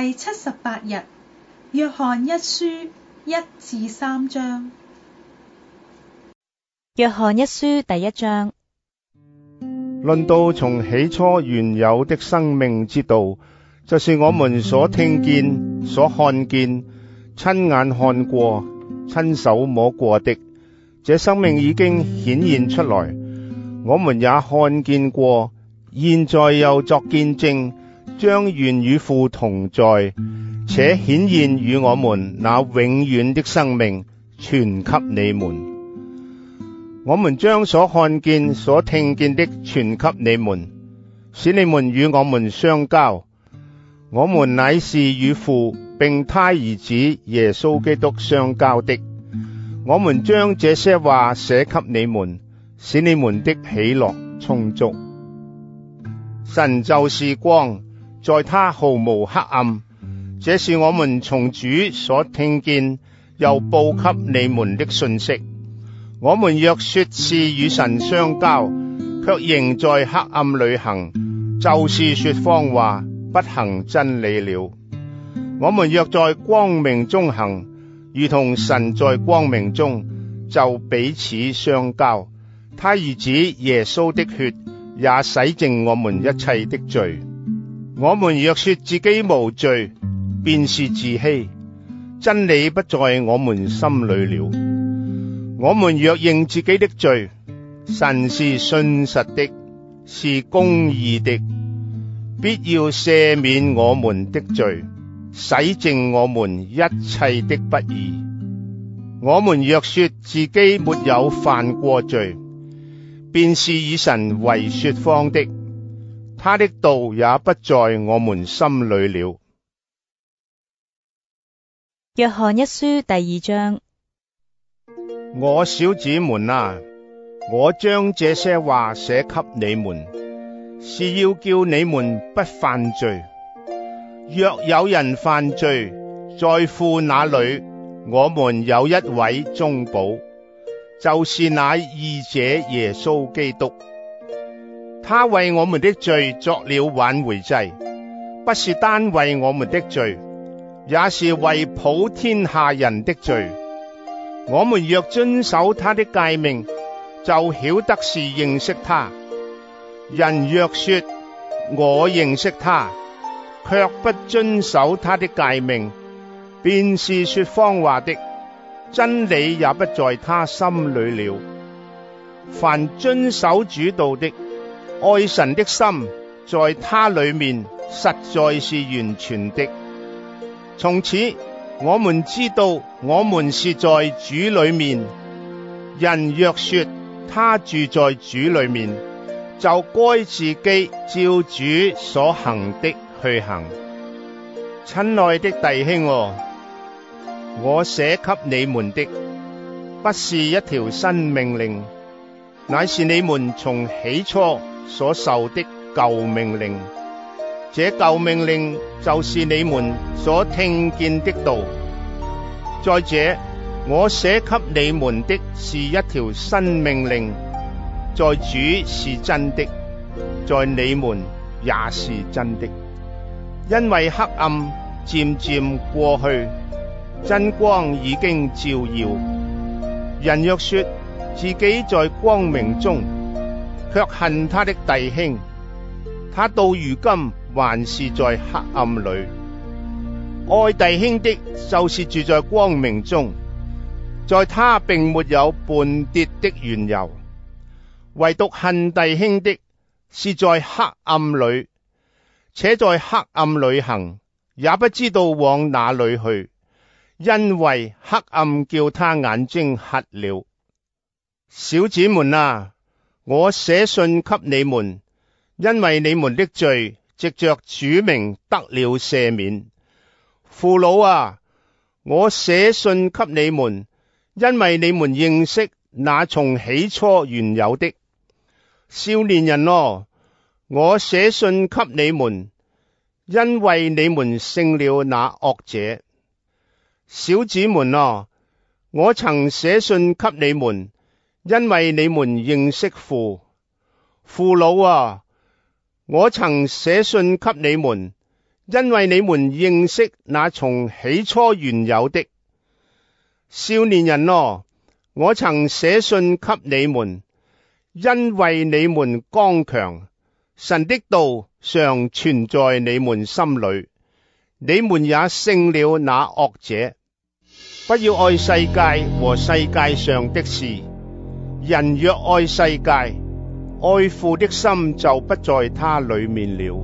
第七十八日，約翰一書一至三章。約翰一書第一章。論到從起初原有的生命之道，就是我們所聽見、mm-hmm. 所看見、親眼看過、親手摸過的，這生命已經顯現出來，mm-hmm. 我們也看見過，現在又作見證。將原與父同在，且顯現與我們那永遠的生命，傳給你們。我們將所看見、所聽見的傳給你們，使你們與我們相交。我們乃是與父並他兒子耶穌基督相交的。我們將這些話寫給你們，使你們的喜樂充足。神就是光。在他毫無黑暗，這是我們從主所聽見又報給你們的信息。我們若說是與神相交，卻仍在黑暗裡行，就是說謊話，不行真理了。我們若在光明中行，如同神在光明中，就彼此相交。他兒子耶穌的血也洗淨我們一切的罪。我們若說自己無罪，便是自欺；真理不在我們心裏了。我們若認自己的罪，神是信實的，是公義的，必要赦免我們的罪，洗淨我們一切的不義。我們若說自己沒有犯過罪，便是以神為說謊的。他的道也不在我們心裏了。約翰一書第二章：我小子們啊，我將這些話寫給你們，是要叫你們不犯罪。若有人犯罪，在父那裏，我們有一位中保，就是乃義者耶穌基督。他為我們的罪作了挽回祭，不是單為我們的罪，也是為普天下人的罪。我們若遵守他的誡命，就曉得是認識他。人若說我認識他，却不遵守他的誡命，便是說謊話的，真理也不在他心裏了。凡遵守主道的。愛神的心在祂裏面，實在是完全的。從此我們知道，我們是在主裏面。人若說他住在主裏面，就該自己照主所行的去行。親愛的弟兄啊，我寫給你們的不是一條新命令，乃是你們從起初。所受的舊命令，這舊命令就是你們所聽見的道。再者，我寫給你們的是一條新命令，在主是真的，在你們也是真的。因為黑暗漸漸過去，真光已經照耀。人若說自己在光明中，卻恨他的弟兄，他到如今還是在黑暗裏。愛弟兄的，就是住在光明中，在他並沒有絆跌的緣由，唯獨恨弟兄的，是在黑暗裏，且在黑暗裏行，也不知道往哪裏去，因為黑暗叫他眼睛瞎了。小子們啊！我寫信給你們，因為你們的罪藉着主名得了赦免。父老啊，我寫信給你們，因為你們認識那從起初原有的。少年人哦、啊，我寫信給你們，因為你們勝了那惡者。小子們哦、啊，我曾寫信給你們。因為你們認識父。父老啊，我曾寫信給你們，因為你們認識那從起初原有的。少年人咯、啊，我曾寫信給你們，因為你們剛強，神的道常存在你們心裏，你們也勝了那惡者。不要愛世界和世界上的事。人若愛世界，愛父的心就不在他裏面了。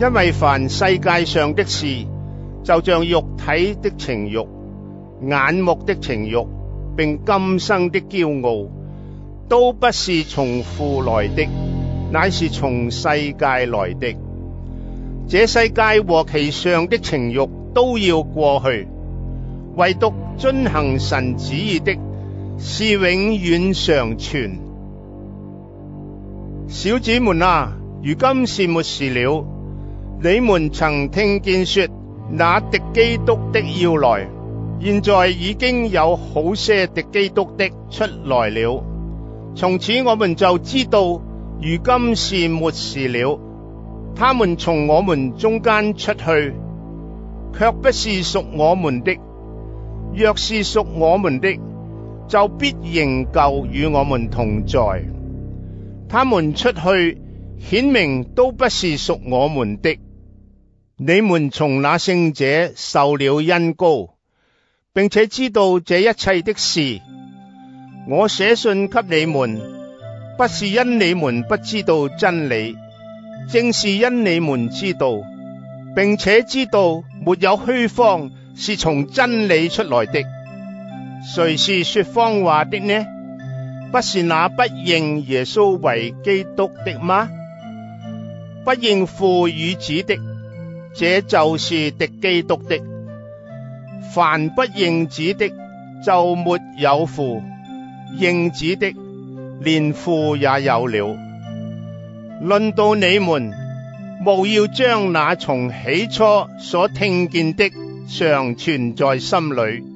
因為凡世界上的事，就像肉體的情欲、眼目的情欲，並今生的驕傲，都不是從父來的，乃是從世界來的。這世界和其上的情欲都要過去，唯獨遵行神旨意的。是永遠常存，小子們啊，如今是末時了。你們曾聽見說，那敵基督的要來，現在已經有好些敵基督的出來了。從此我們就知道，如今是末時了。他們從我們中間出去，卻不是屬我們的；若是屬我們的，就必仍舊與我們同在。他們出去，顯明都不是屬我們的。你們從那聖者受了恩膏，並且知道這一切的事。我寫信給你們，不是因你們不知道真理，正是因你們知道，並且知道沒有虛謊，是從真理出來的。誰是說謊話的呢？不是那不認耶穌為基督的嗎？不認父與子的，這就是敵基督的。凡不認子的，就沒有父；認子的，連父也有了。論到你們，務要將那從起初所聽見的，常存在心裏。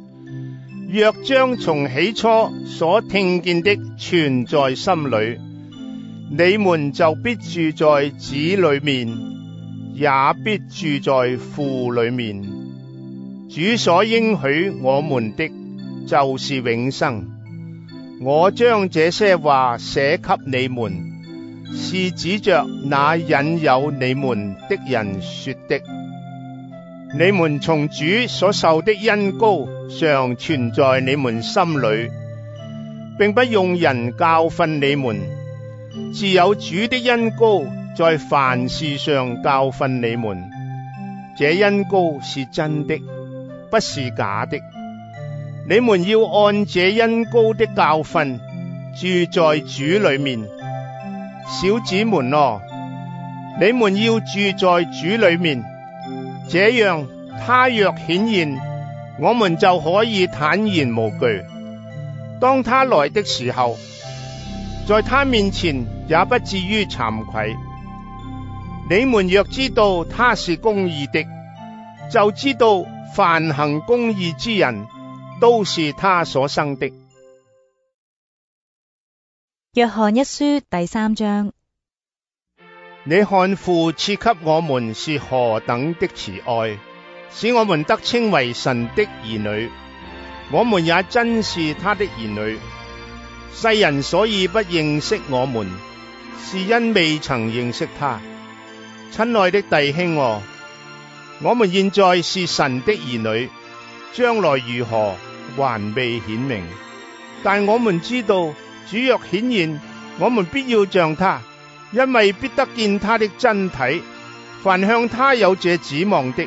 若將從起初所聽見的存在心裏，你們就必住在子裏面，也必住在父裏面。主所應許我們的就是永生。我將這些話寫給你們，是指着那引誘你們的人說的。你們從主所受的恩膏常存在你們心裏，並不用人教訓你們，自有主的恩膏在凡事上教訓你們。這恩膏是真的，不是假的。你們要按這恩膏的教訓住在主裏面，小子們哦，你們要住在主裏面。這樣，他若顯現，我們就可以坦然無懼。當他來的時候，在他面前也不至於慚愧。你們若知道他是公義的，就知道凡行公義之人都是他所生的。約翰一書第三章。你看父賜給我們是何等的慈愛，使我們得稱為神的兒女。我們也真是他的兒女。世人所以不認識我們，是因未曾認識他。親愛的弟兄，啊，我們現在是神的兒女，將來如何還未顯明，但我們知道主若顯現，我們必要像他。因為必得見他的真體，凡向他有這指望的，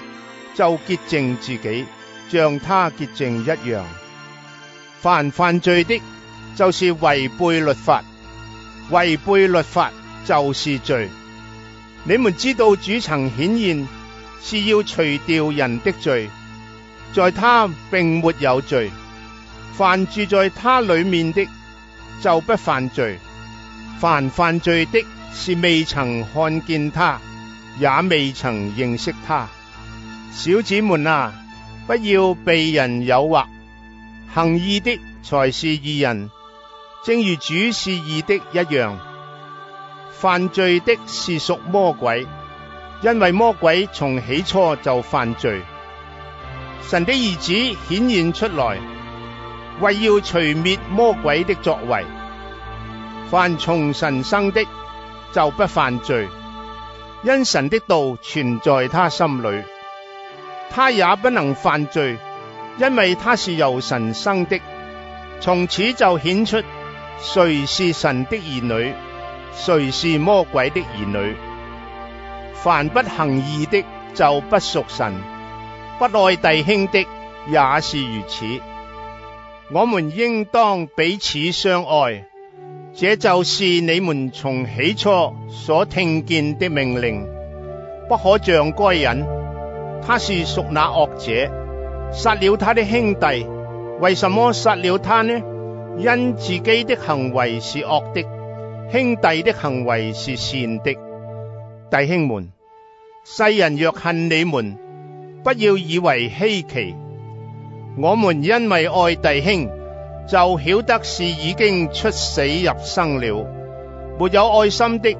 就潔淨自己，像他潔淨一樣。凡犯罪的，就是違背律法；違背律法就是罪。你們知道主曾顯現是要除掉人的罪，在他並沒有罪。凡住在他裏面的，就不犯罪；凡犯罪的，是未曾看見他，也未曾認識他。小子們啊，不要被人誘惑，行義的才是義人，正如主是義的一樣。犯罪的是屬魔鬼，因為魔鬼從起初就犯罪。神的兒子顯現出來，為要除滅魔鬼的作為。凡從神生的，就不犯罪，因神的道存在他心裏，他也不能犯罪，因為他是由神生的。從此就顯出，誰是神的兒女，誰是魔鬼的兒女。凡不行義的，就不屬神；不愛弟兄的，也是如此。我們應當彼此相愛。這就是你們從起初所聽見的命令，不可像該人，他是屬那惡者，殺了他的兄弟，為什麼殺了他呢？因自己的行為是惡的，兄弟的行為是善的。弟兄們，世人若恨你們，不要以為稀奇，我們因為愛弟兄。就曉得是已經出死入生了。沒有愛心的，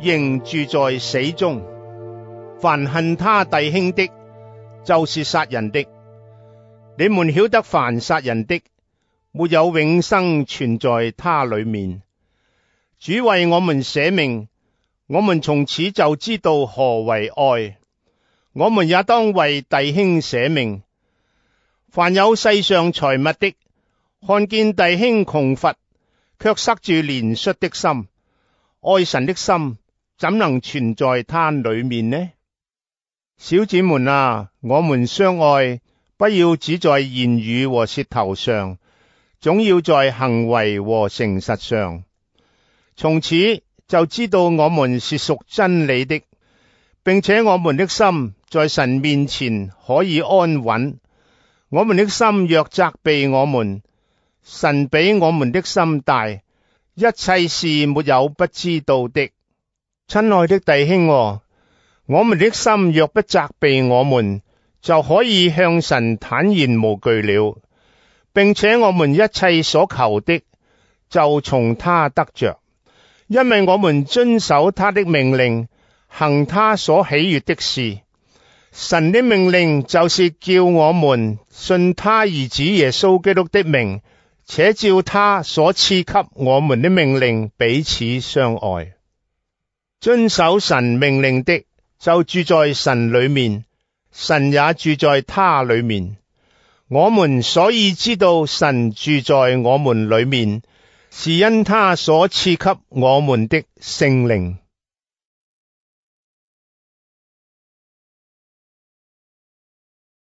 仍住在死中。凡恨他弟兄的，就是殺人的。你們曉得，凡殺人的，沒有永生存在他裏面。主為我們捨命，我們從此就知道何為愛。我們也當為弟兄捨命。凡有世上財物的，看見弟兄窮乏，卻塞住憐恤的心、愛神的心，怎能存在他裏面呢？小子們啊，我們相愛，不要只在言語和舌頭上，總要在行為和誠實上。從此就知道我們是屬真理的，並且我們的心在神面前可以安穩。我們的心若責備我們，神比我們的心大，一切事沒有不知道的。親愛的弟兄、哦，我們的心若不責備我們，就可以向神坦然無懼了，並且我們一切所求的就從他得着，因為我們遵守他的命令，行他所喜悦的事。神的命令就是叫我們信他兒子耶穌基督的名。且照他所賜給我們的命令彼此相愛，遵守神命令的就住在神裏面，神也住在他裏面。我們所以知道神住在我們裏面，是因他所賜給我們的聖靈。